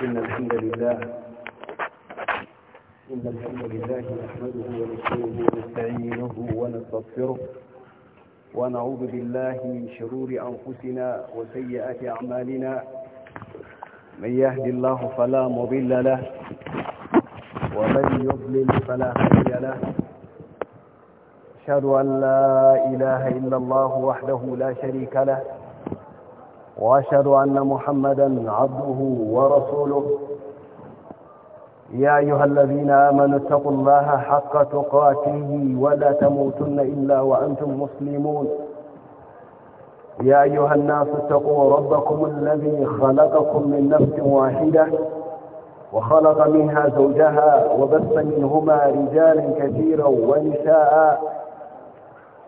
إن الحمد لله إن الحمد لله نحمده ونستعينه ونستعينه ونستغفره ونعوذ بالله من شرور أنفسنا وسيئات أعمالنا من يهد الله فلا مضل له ومن يضلل فلا هادي له أشهد أن لا إله إلا الله وحده لا شريك له واشهد ان محمدا عبده ورسوله يا ايها الذين امنوا اتقوا الله حق تقاته ولا تموتن الا وانتم مسلمون يا ايها الناس اتقوا ربكم الذي خلقكم من نفس واحده وخلق منها زوجها وبث منهما رجالا كثيرا ونساء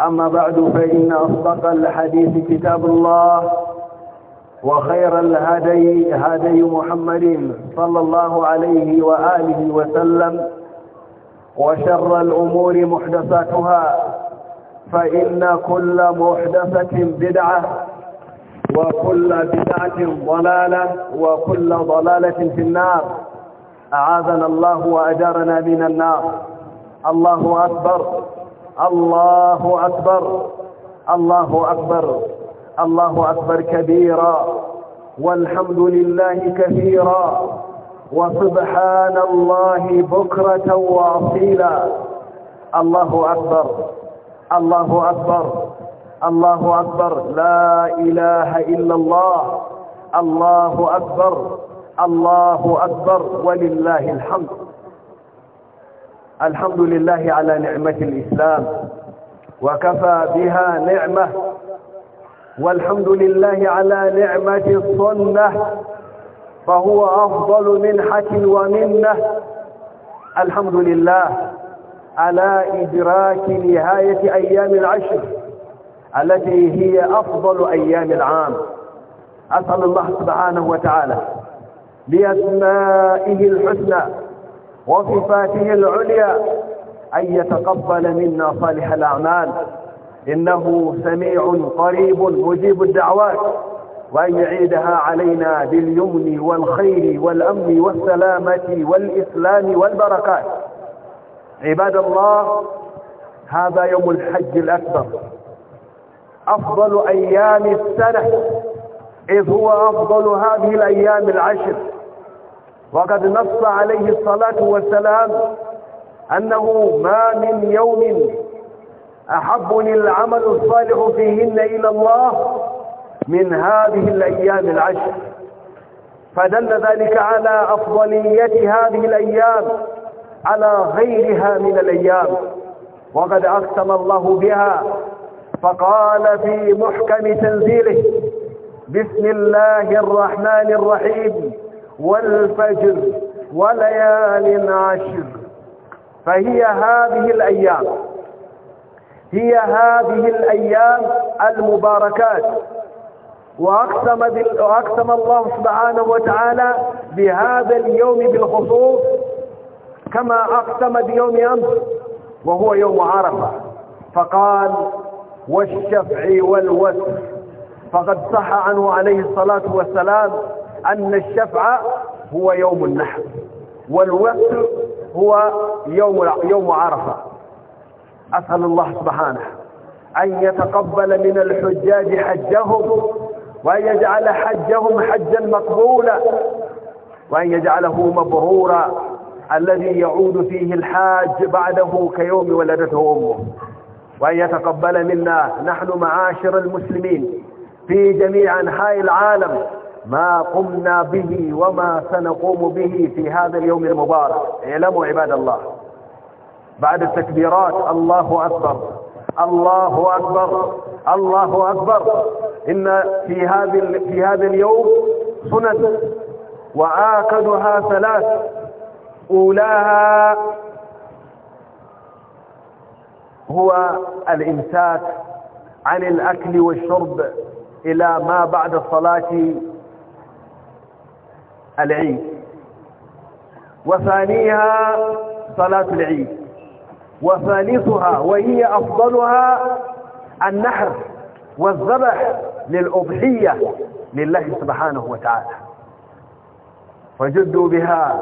أما بعد فإن أصدق الحديث كتاب الله وخير الهدي هدي محمد صلى الله عليه وآله وسلم وشر الأمور محدثاتها فإن كل محدثة بدعة وكل بدعة ضلالة وكل ضلالة في النار أعاذنا الله وأجارنا من النار الله أكبر الله أكبر الله أكبر الله أكبر كبيرا والحمد لله كثيرا وسبحان الله بكرة وأصيلا الله أكبر الله أكبر الله أكبر لا إله إلا الله الله أكبر الله أكبر ولله الحمد الحمد لله على نعمة الإسلام وكفى بها نعمة والحمد لله على نعمة الصنة فهو أفضل منحة ومنة الحمد لله على إدراك نهاية أيام العشر التي هي أفضل أيام العام أسأل الله سبحانه وتعالى بأسمائه الحسنى وصفاته العليا أن يتقبل منا صالح الأعمال إنه سميع قريب مجيب الدعوات وأن يعيدها علينا باليمن والخير والأمن والسلامة والإسلام والبركات عباد الله هذا يوم الحج الأكبر أفضل أيام السنة إذ هو أفضل هذه الأيام العشر وقد نص عليه الصلاة والسلام أنه ما من يوم أحبني العمل الصالح فيهن إلى الله من هذه الأيام العشر فدل ذلك على أفضلية هذه الأيام على غيرها من الأيام وقد أقسم الله بها فقال في محكم تنزيله بسم الله الرحمن الرحيم والفجر وليال عشر فهي هذه الأيام هي هذه الأيام المباركات وأقسم, وأقسم الله سبحانه وتعالى بهذا اليوم بالخصوص كما أقسم بيوم أمس وهو يوم عرفة فقال والشفع والوتر فقد صح عنه عليه الصلاة والسلام أن الشفع هو يوم النحر والوتر هو يوم يوم عرفة أسأل الله سبحانه أن يتقبل من الحجاج حجهم وأن يجعل حجهم حجا مقبولا وأن يجعله مبرورا الذي يعود فيه الحاج بعده كيوم ولدته أمه وأن يتقبل منا نحن معاشر المسلمين في جميع أنحاء العالم ما قمنا به وما سنقوم به في هذا اليوم المبارك اعلموا عباد الله بعد التكبيرات الله أكبر الله أكبر الله أكبر إن في هذا في هذا اليوم سنن وآكدها ثلاث أولاها هو الإمساك عن الأكل والشرب إلى ما بعد الصلاة العيد وثانيها صلاة العيد وثالثها وهي أفضلها النحر والذبح للأضحية لله سبحانه وتعالى فجدوا بها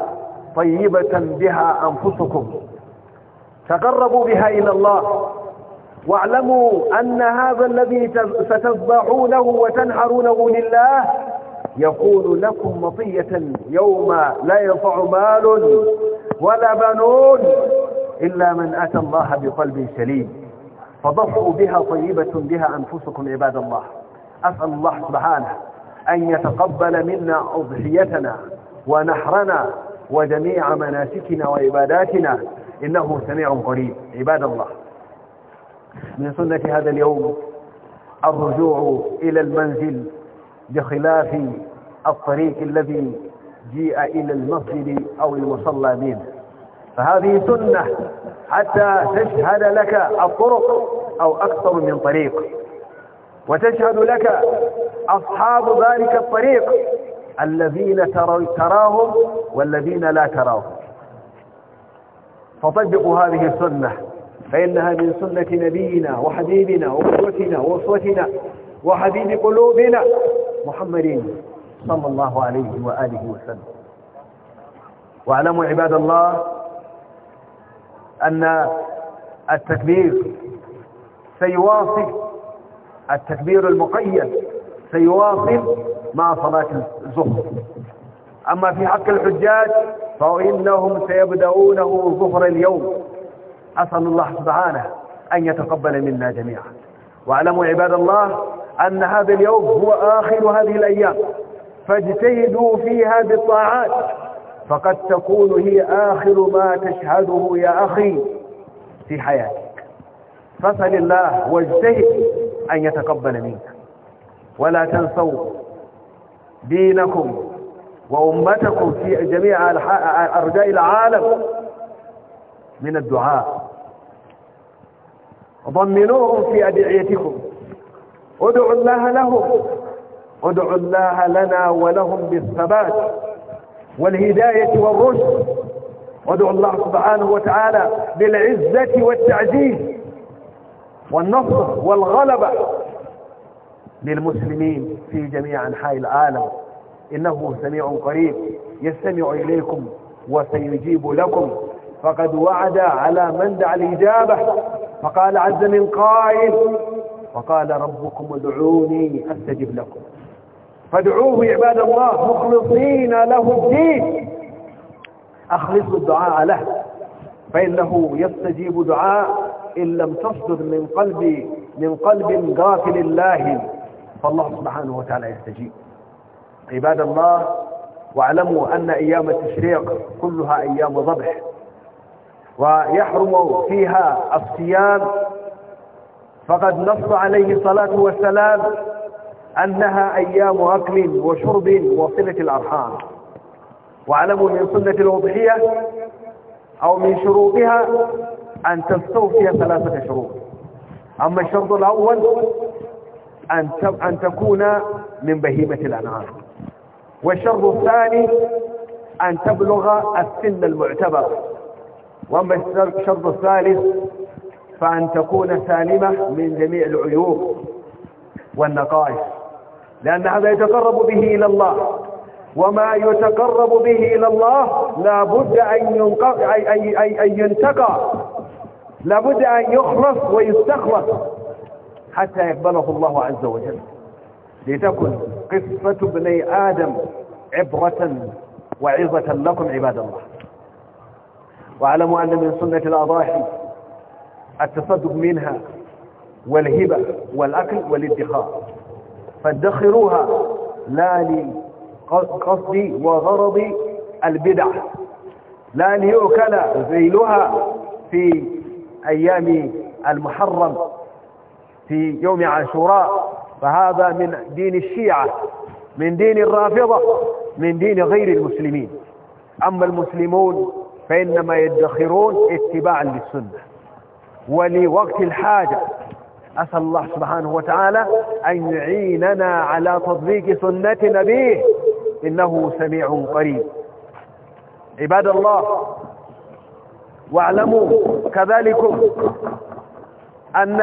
طيبة بها أنفسكم تقربوا بها إلى الله واعلموا أن هذا الذي ستذبحونه وتنحرونه لله يقول لكم مطية يوم لا ينفع مال ولا بنون إلا من أتى الله بقلب سليم فضحوا بها طيبة بها أنفسكم عباد الله أسأل الله سبحانه أن يتقبل منا أضحيتنا ونحرنا وجميع مناسكنا وعباداتنا إنه سميع قريب عباد الله من سنة هذا اليوم الرجوع إلى المنزل بخلاف الطريق الذي جيء إلى المسجد أو المصلى منه فهذه سنة حتى تشهد لك الطرق أو أكثر من طريق وتشهد لك أصحاب ذلك الطريق الذين تراهم والذين لا تراهم فطبقوا هذه السنة فإنها من سنة نبينا وحبيبنا وقوتنا وصوتنا وحبيب قلوبنا محمد صلى الله عليه وآله وسلم واعلموا عباد الله أن التكبير سيواصل التكبير المقيد سيواصل مع صلاة الظهر أما في حق الحجاج فإنهم سيبدأونه ظهر اليوم أسأل الله سبحانه أن يتقبل منا جميعا واعلموا عباد الله أن هذا اليوم هو آخر هذه الأيام فاجتهدوا فيها بالطاعات فقد تكون هي آخر ما تشهده يا أخي في حياتك فسل الله واجتهد أن يتقبل منك ولا تنسوا دينكم وأمتكم في جميع أرجاء العالم من الدعاء ضمنوهم في أدعيتكم ادعوا الله لهم ادعوا الله لنا ولهم بالثبات والهداية والرشد وادعوا الله سبحانه وتعالى بالعزة والتعزيز والنصر والغلبة للمسلمين في جميع أنحاء العالم إنه سميع قريب يستمع إليكم وسيجيب لكم فقد وعد على من دعا الإجابة فقال عز من قائل وقال ربكم ادعوني استجب لكم فادعوه عباد الله مخلصين له الدين اخلصوا الدعاء له فانه يستجيب دعاء ان لم تصدر من قلب من قلب غافل الله فالله سبحانه وتعالى يستجيب عباد الله واعلموا ان ايام التشريق كلها ايام ضبح ويحرم فيها الصيام فقد نص عليه الصلاة والسلام أنها أيام أكل وشرب وصلة الأرحام واعلموا من سنة الأضحية أو من شروطها أن تستوفي ثلاثة شروط أما الشرط الأول أن أن تكون من بهيمة الأنعام والشرط الثاني أن تبلغ السن المعتبر وأما الشرط الثالث فأن تكون سالمة من جميع العيوب والنقائص لأن هذا يتقرب به إلى الله وما يتقرب به إلى الله لابد أن ينقى أي أي أي أن ينتقى لابد أن يخلص ويستخلص حتى يقبله الله عز وجل لتكن قصة ابني آدم عبرة وعظة لكم عباد الله واعلموا أن من سنة الأضاحي التصدق منها والهبة والأكل والادخار فادخروها لا لقصد وغرض البدع لا ليؤكل ذيلها في أيام المحرم في يوم عاشوراء فهذا من دين الشيعة من دين الرافضة من دين غير المسلمين أما المسلمون فإنما يدخرون اتباعا للسنة ولوقت الحاجة أسأل الله سبحانه وتعالى أن يعيننا على تطبيق سنة نبيه إنه سميع قريب عباد الله واعلموا كذلكم أن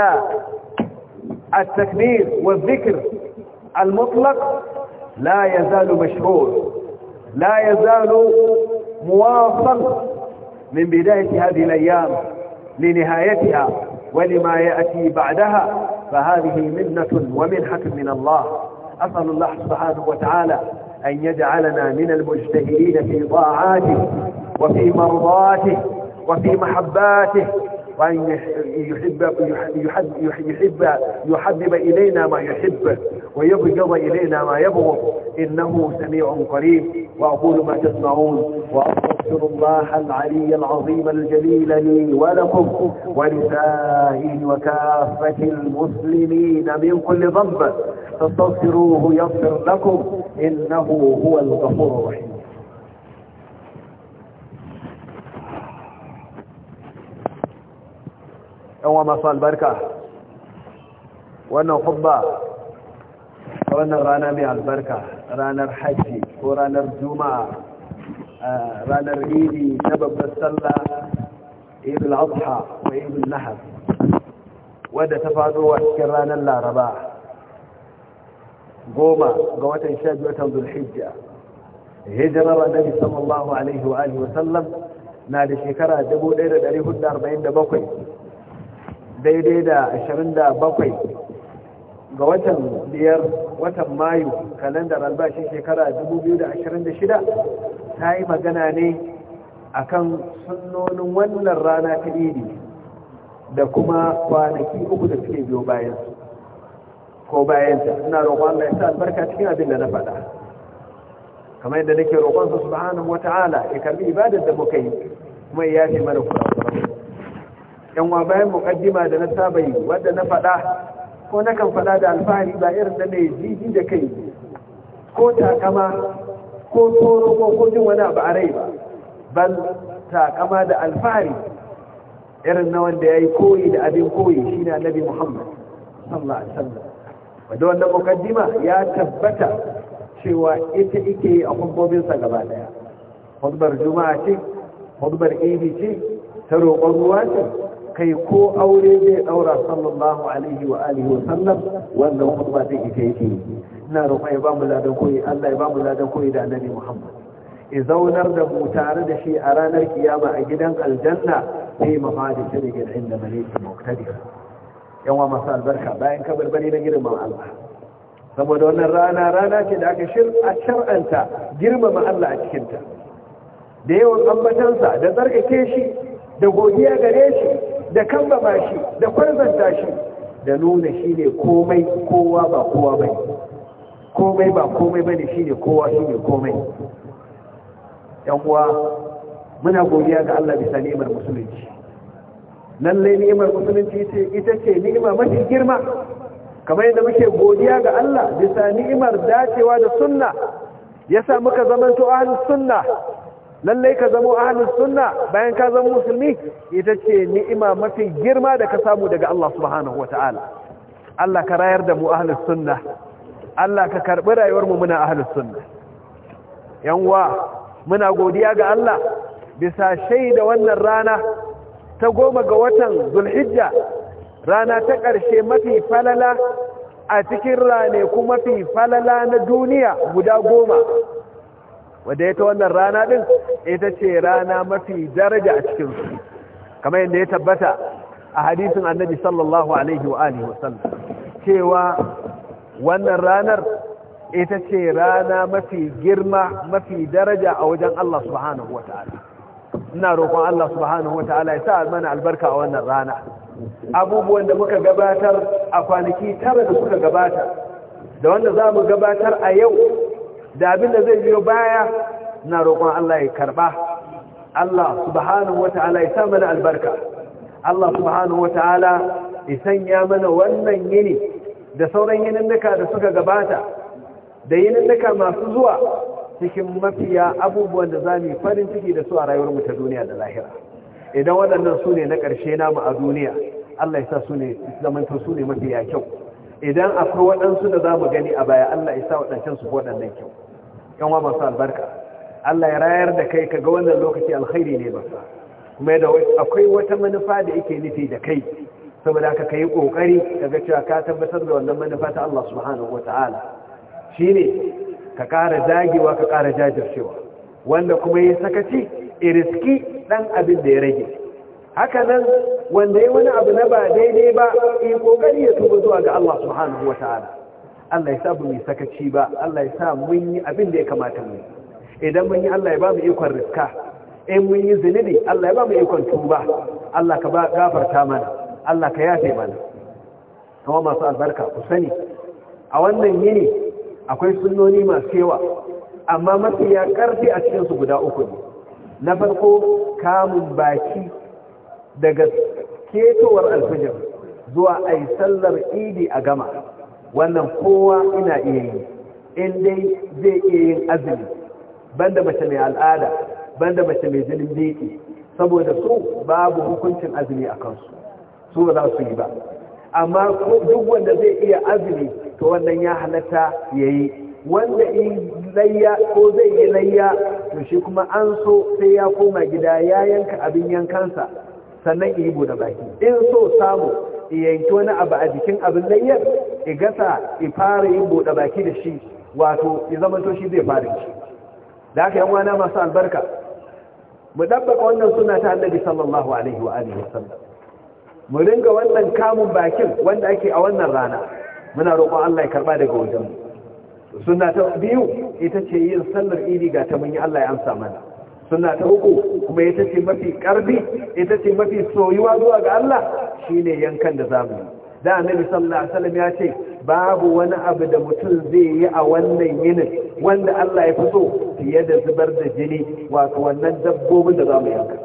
التكبير والذكر المطلق لا يزال مشهور لا يزال مواصل من بداية هذه الأيام لنهايتها ولما يأتي بعدها فهذه منة ومنحة من الله أسأل الله سبحانه وتعالى أن يجعلنا من المجتهدين في طاعاته وفي مرضاته وفي محباته وأن يحب, يحب, يحب, يحبب إلينا ما يحب ويبغض إلينا ما يبغض إنه سميع قريب وأقول ما تسمعون وأقول أستغفر الله العلي العظيم الجليل لي ولكم ولسائر وكافة المسلمين من كل ذنب فاستغفروه يغفر لكم إنه هو الغفور الرحيم يوم ما صال بركة وأنه خطبة وأنه رانا مع البركة رانا الحج ورانا الجمعة ranar idi ta babbar sallah idul adha wa idul nahar wadda ta faɗo a cikin ranar laraba goma ga watan sha biyu watan zulhijja hijirar annabi sallallahu alaihi wa alihi wa sallam na da shekara 1447 daidai da 27 ga watan biyar watan mayu kalendar albashin shekara 2026 ta yi magana ne a kan sunonin wannan rana ta iri da kuma kwanaki uku da suke biyo bayan ko ta ina roƙon Allah ya sa albarka cikin abin da na faɗa kamar yadda nake roƙon su subhanahu ta'ala ya karbi ibadar da muka yi kuma ya fi mana kura yan wa bayan muƙaddima da na saba yi wanda na faɗa ko na kan faɗa da alfahari ba irin da ne jiji da kai ko takama ko tsoro ko kojin wani abu a rai ba bal takama da alfahari irin na wanda ya yi koyi da abin koyi shi ne annabi muhammad sallallahu alaihi wasallam wanda wannan mukaddima ya tabbata cewa ita ike yi a hukumominsa gaba daya hudubar juma'a ce hudubar idi ce ta roƙon ruwa ce kai ko aure zai ɗaura sallallahu alaihi wa alihi wa sallam wanda hukumar zai ita yake yi ina roƙon ya ba mu ladan koyi Allah ya ba mu ladan koyi da annabi Muhammad ya zaunar da mu tare da shi a ranar kiyama a gidan aljanna sai mu fadi ta da gidan inda malaikin muktadira yan wa masu albarka bayan bari na girman Allah saboda wannan rana rana ce da aka shir a shar'anta girmama Allah a cikin ta da yawan ambatansa da tsarkake shi da godiya gare shi da kambama shi da kwanzanta shi da nuna shi ne komai kowa ba kowa bai komai ba komai ba ne shine kowa ne komai yan uwa muna godiya ga Allah bisa ni'imar musulunci lallai ni'imar musulunci ita ce ni'ima mafi girma kamar yadda muke godiya ga Allah bisa ni'imar dacewa da sunna yasa muka zamanto ahlus sunna lallai ka zamo ahlus sunna bayan ka zama musulmi ita ce ni'ima mafi girma da ka samu daga Allah subhanahu wataala Allah ka rayar da mu ahlus sunna Allah ka karɓi rayuwar mu muna ahlus sunna yan muna godiya ga Allah bisa shaida wannan rana ta goma ga watan zulhijja rana ta ƙarshe mafi falala a cikin rane kuma mafi falala na duniya guda goma wadda ya ta wannan rana ɗin ita ce rana mafi daraja a cikinsu kamar yadda ya tabbata a hadisin annabi sallallahu alaihi wa alihi wasallam cewa wannan ranar ita ce rana mafi girma mafi daraja a wajen Allah subhanahu ta'ala). ina roƙon Allah subhanahu ta'ala) ya sa mana albarka a wannan rana abubuwan da muka gabatar a kwanaki tara da suka gabata da wanda za mu gabatar a yau da abin da zai biyo baya ina roƙon Allah ya karɓa Allah subhanahu ta'ala) ya sa mana albarka Allah subhanahu ta'ala) ya sanya mana wannan yini da sauran yininnika da suka gabata da yininnika masu zuwa cikin mafiya abubuwan da za mu farin ciki da su a rayuwar mu ta duniya da lahira idan waɗannan su ne na ƙarshe namu a duniya Allah ya sa su ne zamantar su ne mafiya kyau idan akwai waɗansu da za mu gani a baya Allah ya sa waɗancan su waɗannan kyau kan wa masu albarka Allah ya rayar da kai kaga wannan lokaci alkhairi ne ba kuma da akwai wata manufa da yake nufi da kai saboda haka ka yi ƙoƙari ka ga cewa ka tabbatar da wannan manufa ta Allah subhanahu wa ta'ala shi ne ka ƙara zagewa, ka ƙara jajircewa wanda kuma ya sakaci iriski ɗan abin da ya rage haka nan wanda ya wani abu na ba daidai ba yi ƙoƙari ya tuba zuwa ga Allah subhanahu wa ta'ala Allah ya sa mu yi sakaci ba Allah ya sa mun yi abin da ya kamata mu idan mun yi Allah ya ba mu ikon riska in mun yi zunubi Allah ya ba mu ikon tuba Allah ka ba gafarta mana Allah ka yafe mana kuma masu albarka ku sani a wannan yini akwai sunnoni masu yawa amma mafiya karfi a cikinsu guda uku ne na farko kamun baki daga ketowar alfijir zuwa a sallar idi a gama wannan kowa ina iya yi in dai zai iya yin azumi banda mace mai al'ada banda mace mai jinin biki saboda su babu hukuncin azumi a kansu su ba za su yi ba amma duk wanda zai iya azumi to wannan ya halatta ya yi wanda in layya ko zai yi layya to shi kuma an so sai ya koma gida ya yanka abin yankansa sannan yi bude baki in so samu yanki wani abu a jikin abin layyar i gasa i fara yi bude baki da shi wato ya zama to shi zai fara shi da aka yi wana masu albarka mu ɗabbaka wannan suna ta annabi sallallahu alaihi wa alihi wasallam mu ringa wannan kamun bakin wanda ake a wannan rana muna roƙon Allah ya karba daga wajen sunna ta biyu ita ce yin sallar idi ga ta munyi Allah ya amsa mana sunna ta uku kuma ita ce mafi karbi ita ce mafi soyuwa zuwa ga Allah shine yankan da zamu da annabi sallallahu alaihi wasallam ya ce babu wani abu da mutum zai yi a wannan yinin wanda Allah ya fi so fiye da zubar da jini wato wannan dabbobin da zamu yanka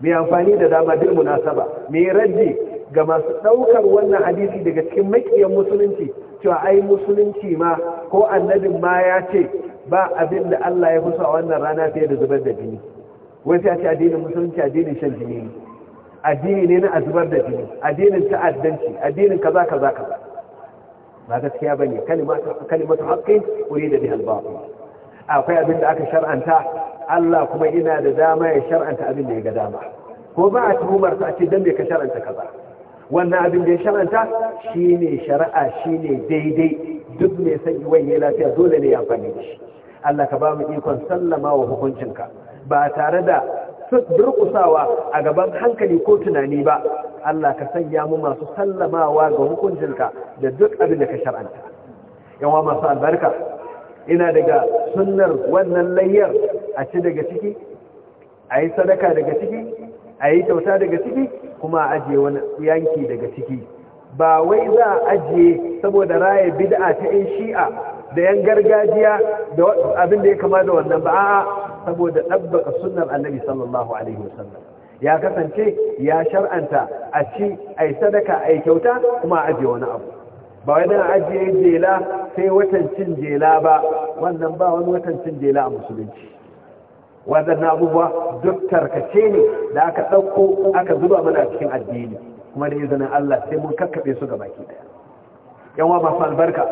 mai amfani da dama duk munasaba mai raddi ga masu ɗaukar wannan hadisi daga cikin makiyan musulunci cewa ai musulunci ma ko annabin ma ya ce ba abin da Allah ya fusa wannan rana fiye da zubar da jini wai sai a ce addinin musulunci addinin shan jini ne addini ne na azubar da jini addinin ta'addanci addinin kaza kaza kaza ba gaskiya bane kalimatu haqqin urida biha akwai abin da aka shar'anta Allah kuma ina da dama ya shar'anta abin da ya ga dama ko ba a tuhumar ta ce dan me ka shar'anta kaza wannan abin da ya shar'anta shine shari'a shine daidai duk me sai wai ya lafiya dole ne ya amfani da shi Allah ka ba mu ikon sallama wa hukuncinka ba tare da durkusawa a gaban hankali ko tunani ba Allah ka sanya mu masu sallamawa ga hukuncinka da duk abin da ka shar'anta yawa masu albarka ina daga sunnar wannan layyar a ci daga ciki a yi sadaka daga ciki a yi kyauta daga ciki kuma a ajiye wani yanki daga ciki ba wai za a ajiye saboda raya bid'a ta yan shi'a da yan gargajiya da abin da ya kama da wannan ba a saboda ɗabbaka sunnar annabi sallallahu alaihi wasallam ya kasance ya shar'anta a ci a yi sadaka a yi kyauta kuma a ajiye wani abu ba wai ajiye jela sai watan cin jela ba wannan ba wani watan cin jela a musulunci waɗannan abubuwa duk tarkace ne da aka ɗauko aka zuba mana cikin addini kuma da izinin Allah sai mun kakkaɓe su ga baki ɗaya yawa masu albarka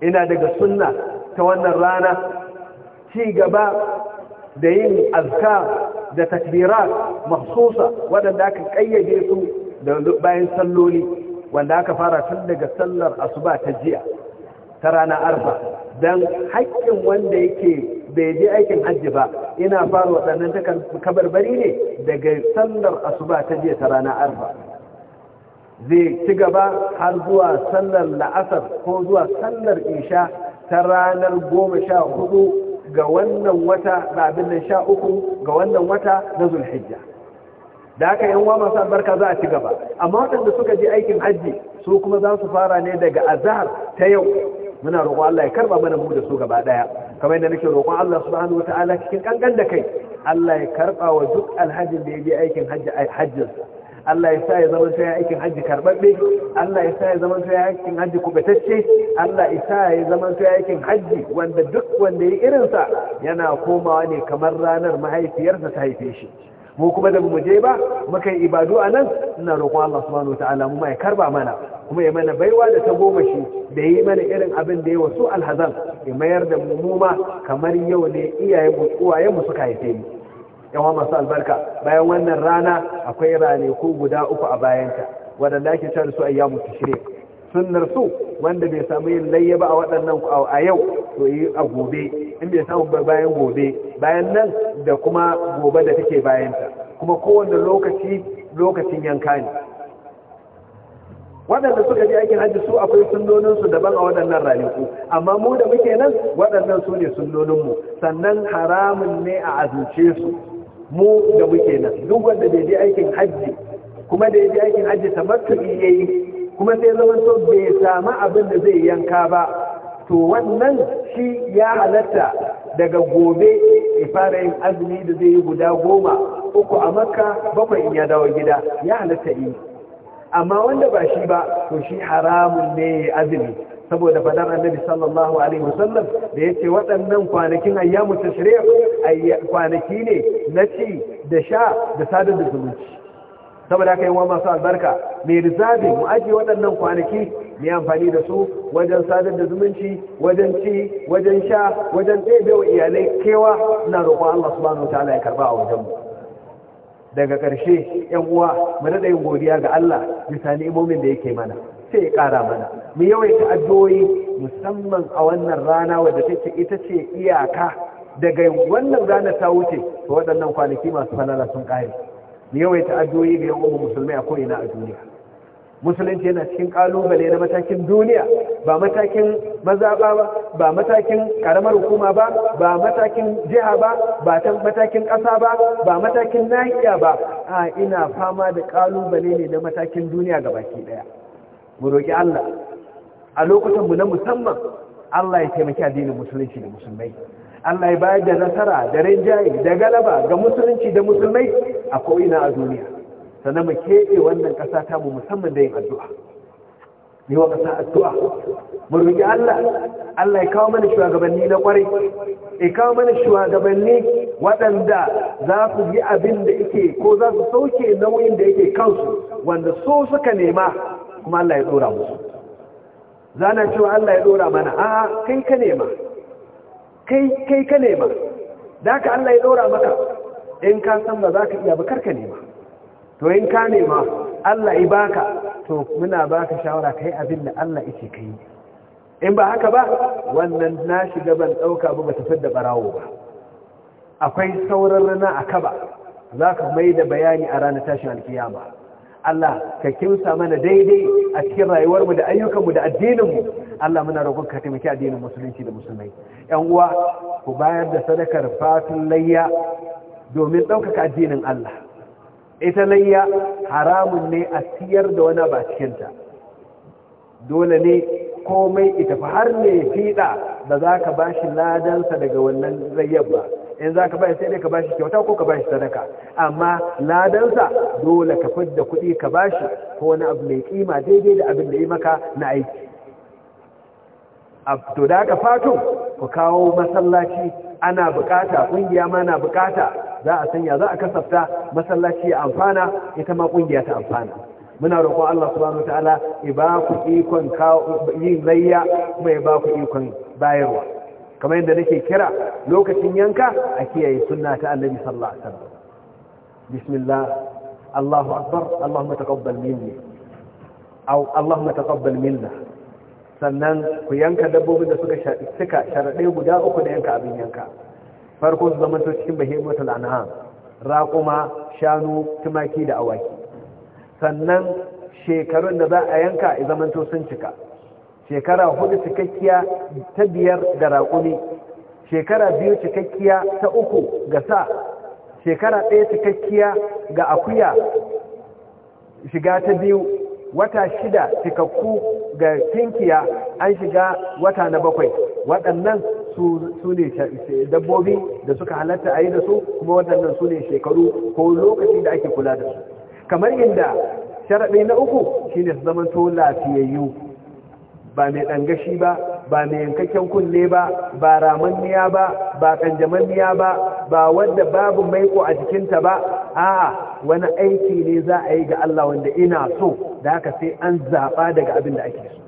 ina daga sunna ta wannan rana ci gaba da yin azka da takbirat mahsusa waɗanda aka ƙayyade su da bayan salloli wanda aka fara tun daga sallar asuba ta jiya ta rana arfa don haƙƙin wanda yake bai je aikin hajji ba ina fara waɗannan ta kabarbari ne daga sallar asuba ta jiya ta rana arfa zai ci gaba har zuwa sallar la'asar ko zuwa sallar isha ta ranar goma sha hudu ga wannan wata da abin sha uku ga wannan wata na zulhijja da aka yan wa masu albarka za a ci gaba amma waɗanda suka je aikin hajji su kuma za su fara ne daga azhar ta yau muna roƙon Allah ya karba mana mu da su gaba daya kamar yadda nake roƙon Allah subhanahu wataala cikin kankan da kai Allah ya karba wa duk alhajin da ya je aikin hajji hajjin Allah ya sa ya zama sai aikin hajji karbabbe Allah ya sa ya zama sai aikin hajji kubatacce Allah ya sa ya zama sai aikin hajji wanda duk wanda ya irinsa yana komawa ne kamar ranar mahaifiyarsa ta haife shi mu kuma da mu je ba muka yi ibadu a nan ina roƙon Allah subhanahu wataala mu mai karba mana kuma ya mana baiwa da ta goma shi da yi mana irin abin da ya wasu alhazan ya mayar da mu ma kamar yau ne iyayen mu uwayen mu suka haife mu yawa masu albarka bayan wannan rana akwai rane ko guda uku a bayanta wadanda ake tare su ayyamu tashrik sunnar so wanda bai samu yin layya ba a waɗannan a yau to yi a gobe in bai samu bayan gobe bayan nan da kuma gobe da take bayanta kuma kowanne lokaci lokacin yanka ne waɗanda suka ji aikin hajji su akwai sunnoninsu daban a waɗannan ranaku amma mu da muke nan waɗannan su ne sunnoninmu sannan haramun ne a azuce su mu da muke nan duk wanda bai je aikin hajji kuma da ya je aikin hajji tamattu'i yayi kuma sai zama bai samu abin da zai yanka ba to wannan shi ya halatta daga gobe ya fara yin azumi da zai yi guda goma uku a makka bakwai in ya dawo gida ya halatta yi amma wanda ba shi ba to shi haramun ne azumi saboda fadar annabi sallallahu alaihi wasallam da yace waɗannan kwanakin ayyamu tashriq kwanaki ne na ci da sha da sadar da zumunci saboda yi wa masu albarka mai rizabi mu ajiye waɗannan kwanaki mai amfani da su wajen sadar da zumunci wajen ci wajen sha wajen ɗebe wa iyalai kewa na roƙon Allah su wa ta'ala ya karba a wajenmu. daga ƙarshe yan uwa mu daɗa yin godiya ga Allah bisa ni'imomin da yake mana sai ya ƙara mana mu yawaita addu'o'i musamman a wannan rana wadda take ita ce iyaka daga wannan rana ta wuce to waɗannan kwanaki masu fanala sun ƙare mu yawaita addu'o'i ga yawan musulmai a ko'ina a duniya musulunci yana cikin kalubale na matakin duniya ba matakin mazaɓa ba ba matakin ƙaramar hukuma ba ba matakin jiha ba ba ta matakin ƙasa ba ba matakin nahiya ba a ina fama da kalubale ne na matakin duniya ga baki ɗaya mu roƙi Allah a lokutan mu na musamman Allah ya taimaki addinin musulunci da musulmai Allah ya bayar da nasara da rinjaye da galaba ga musulunci da musulmai a ko'ina a duniya sannan mu keɓe wannan ƙasa ta mu musamman da yin addu'a yi wa ƙasa addu'a mu roƙi Allah Allah ya kawo mana shugabanni na ƙwarai ya kawo mana shugabanni waɗanda za su yi abin da yake ko za su sauke nauyin da yake kansu wanda so suka nema kuma Allah ya ɗora musu zana cewa Allah ya ɗora mana a kai ka nema kai ka nema da ka Allah ya ɗora maka in ka san ba za ka iya ba karka nema to in ka nema Allah ya baka to muna baka shawara kai abin da Allah yake kai in ba haka ba wannan na shiga ban ɗauka ba ba tafi da ɓarawo ba akwai sauran rana a kaba za ka mai da bayani a ranar tashin alkiyama Allah ka kimsa mana daidai a cikin rayuwarmu da ayyukanmu da addininmu Allah muna roƙon ka taimaki addinin musulunci da musulmai ƴan uwa ku bayar da sadakar fatin layya domin ɗaukaka addinin Allah ita layya haramun ne a siyar da wani ba cikinta dole ne komai ita fa har ne fiɗa ba za ka ba shi ladansa daga wannan zayyar ba in za ka ba shi sai dai ka ba shi kyauta ko ka ba shi sadaka amma ladansa dole ka da kuɗi ka ba shi ko wani abu mai kima daidai da abin da yi maka na aiki to da ka fatu ku kawo masallaci ana bukata ƙungiya ma na bukata za a sanya za a kasafta masallaci ya amfana ita ma ƙungiya ta amfana muna roƙon Allah subhanahu wataala ya ba ku ikon yin layya kuma ya ba ku ikon bayarwa kamar yadda nake kira lokacin yanka a kiyaye sunna ta annabi sallallahu alaihi wasallam bismillah Allahu akbar Allahumma taqabbal minni aw Allahumma taqabbal minna sannan ku yanka dabbobin da suka suka sharaɗe guda uku da yanka abin yanka farko su zama cikin bahimatul an'am raƙuma shanu tumaki da awaki sannan shekarun da za a yanka zaman zamanto sun cika shekara hudu cikakkiya ta biyar da raƙumi shekara biyu cikakkiya ta uku ga sa shekara ɗaya cikakkiya ga akuya shiga ta biyu wata shida cikakku ga kinkiya an shiga wata na bakwai waɗannan su ne dabbobi da suka halatta a yi da su kuma waɗannan su ne shekaru ko lokaci da ake kula da su kamar inda sharaɗi na uku shine su zama to lafiyayyu ba mai ɗangashi ba ba mai yankakken kunne ba ba ramanniya ba ba niya ba ba wadda babu maiko a jikinta ba a'a wani aiki ne za a yi ga Allah wanda ina so da haka sai an zaɓa daga abin da ake so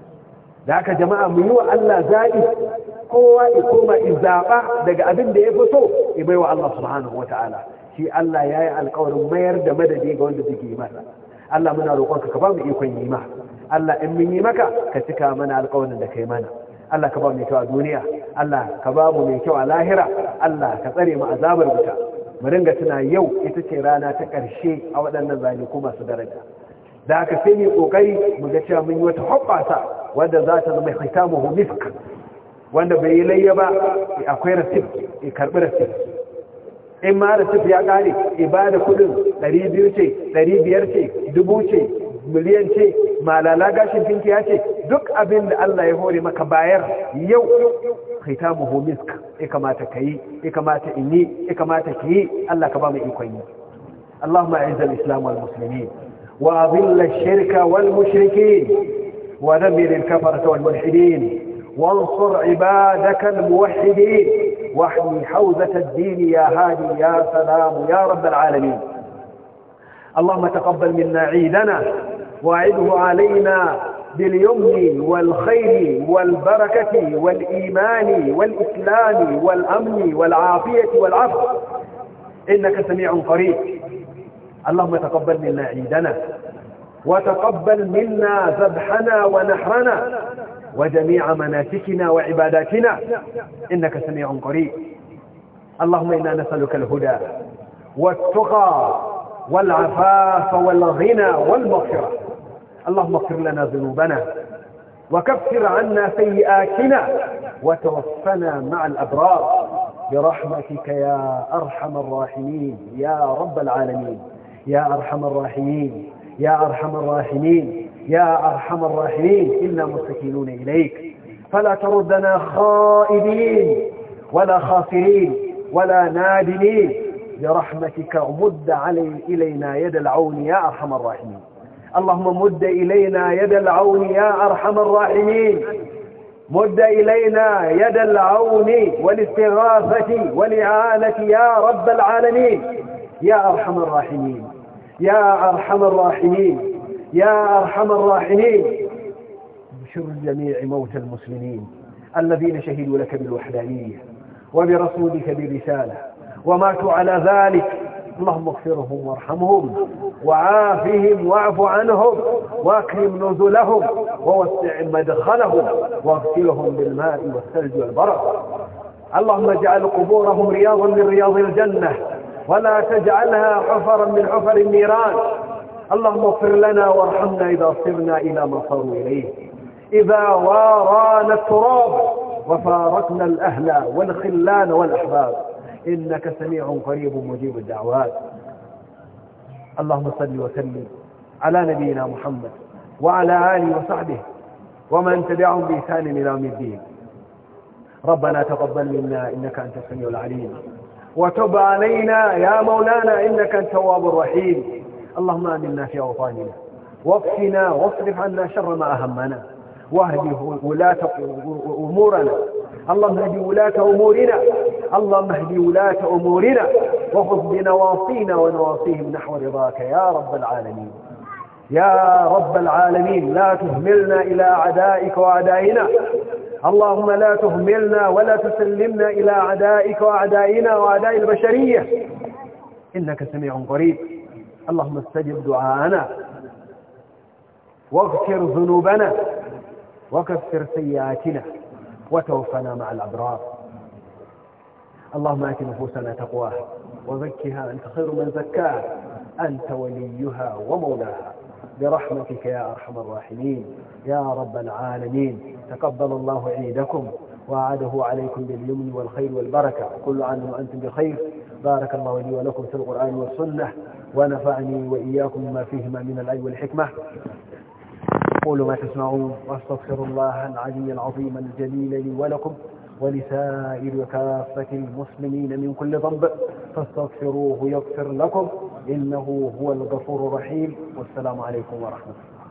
da haka jama'a mu yi wa Allah zaɓi kowa ya koma in zaɓa daga abin da ya fi so ya bai wa Allah subhanahu wa ta'ala shi Allah ya yi alkawarin mayar da madadi ga wanda suke yi masa Allah muna roƙonka ka ba mu ikon yi ma Allah in mun yi maka ka cika mana alkawarin da kai mana Allah ka ba mu mai kyau a duniya Allah ka ba mu mai kyau a lahira Allah ka tsare mu azabar wuta mu ringa tuna yau ita ce rana ta ƙarshe a waɗannan zaliku masu daraja da haka sai mu kokari mu ga cewa mun yi wata hoɓɓasa wanda za ta zama hitamu misk wanda bai yi layya ba akwai rasif karɓi rasif in ma rasif ya ƙare ibada kudin ɗari biyu ce ɗari biyar ce dubu ce miliyan ce malala gashin tinkiya ce duk abin da Allah ya hore maka bayar yau khitamuhu misk ya kamata ka yi ya kamata in yi ya kamata ki yi Allah ka ba mu ikon yi اللهم اعز الاسلام والمسلمين واذل الشرك والمشركين ودمر الكفره والملحدين وانصر عبادك الموحدين واحمي حوزة الدين يا هادي يا سلام يا رب العالمين اللهم تقبل منا عيدنا واعده علينا باليمن والخير والبركة والإيمان والإسلام والأمن والعافية والعفو إنك سميع قريب اللهم تقبل منا عيدنا وتقبل منا ذبحنا ونحرنا وجميع مناسكنا وعباداتنا إنك سميع قريب اللهم إنا نسألك الهدى والتقى والعفاف والغنى والمغفرة اللهم اغفر لنا ذنوبنا وكفر عنا سيئاتنا وتوفنا مع الأبرار برحمتك يا أرحم الراحمين يا رب العالمين يا أرحم الراحمين يا أرحم الراحمين يا أرحم الراحمين إنا مستكينون إليك فلا تردنا خائبين ولا خاسرين ولا نادمين برحمتك مد علي إلينا يد العون يا أرحم الراحمين اللهم مد إلينا يد العون يا أرحم الراحمين مد إلينا يد العون والاستغاثة والإعانة يا رب العالمين يا أرحم الراحمين يا أرحم الراحمين يا أرحم الراحمين بشر جميع موتى المسلمين الذين شهدوا لك بالوحدانية وبرسولك برسالة وماتوا على ذلك اللهم اغفرهم وارحمهم وعافهم واعف عنهم واكرم نزلهم ووسع مدخلهم واغسلهم بالماء والثلج والبرد اللهم اجعل قبورهم رياضا من رياض الجنة ولا تجعلها حفرا من حفر النيران اللهم اغفر لنا وارحمنا إذا صرنا إلى ما صاروا إليه إذا وارانا التراب وفارقنا الأهل والخلان والأحباب إنك سميع قريب مجيب الدعوات اللهم صل وسلم على نبينا محمد وعلى آله وصحبه ومن تبعهم بإحسان إلى يوم الدين ربنا تقبل منا إنك أنت السميع العليم وتب علينا يا مولانا إنك التواب الرحيم اللهم آمنا في أوطاننا وفقنا واصرف عنا شر ما أهمنا واهدي ولاة أمورنا اللهم اهدي ولاة أمورنا اللهم اهدي ولاة أمورنا وخذ بنواصينا ونواصيهم نحو رضاك يا رب العالمين يا رب العالمين لا تهملنا إلى أعدائك وأعدائنا اللهم لا تهملنا ولا تسلمنا إلى أعدائك وأعدائنا وأعداء البشرية إنك سميع قريب اللهم استجب دعاءنا واغفر ذنوبنا وكفر سيئاتنا وتوفنا مع الأبرار اللهم آت نفوسنا تقواها وزكها أنت خير من زكاها أنت وليها ومولاها برحمتك يا أرحم الراحمين يا رب العالمين تقبل الله عيدكم وأعاده عليكم باليمن والخير والبركة كل عام وأنتم بخير بارك الله لي ولكم في القرآن والسنة ونفعني وإياكم ما فيهما من العلم والحكمة قولوا ما تسمعون واستغفر الله العلي العظيم الجليل لي ولكم ولسائر كافة المسلمين من كل ذنب فاستغفروه يغفر لكم إنه هو الغفور الرحيم والسلام عليكم ورحمة الله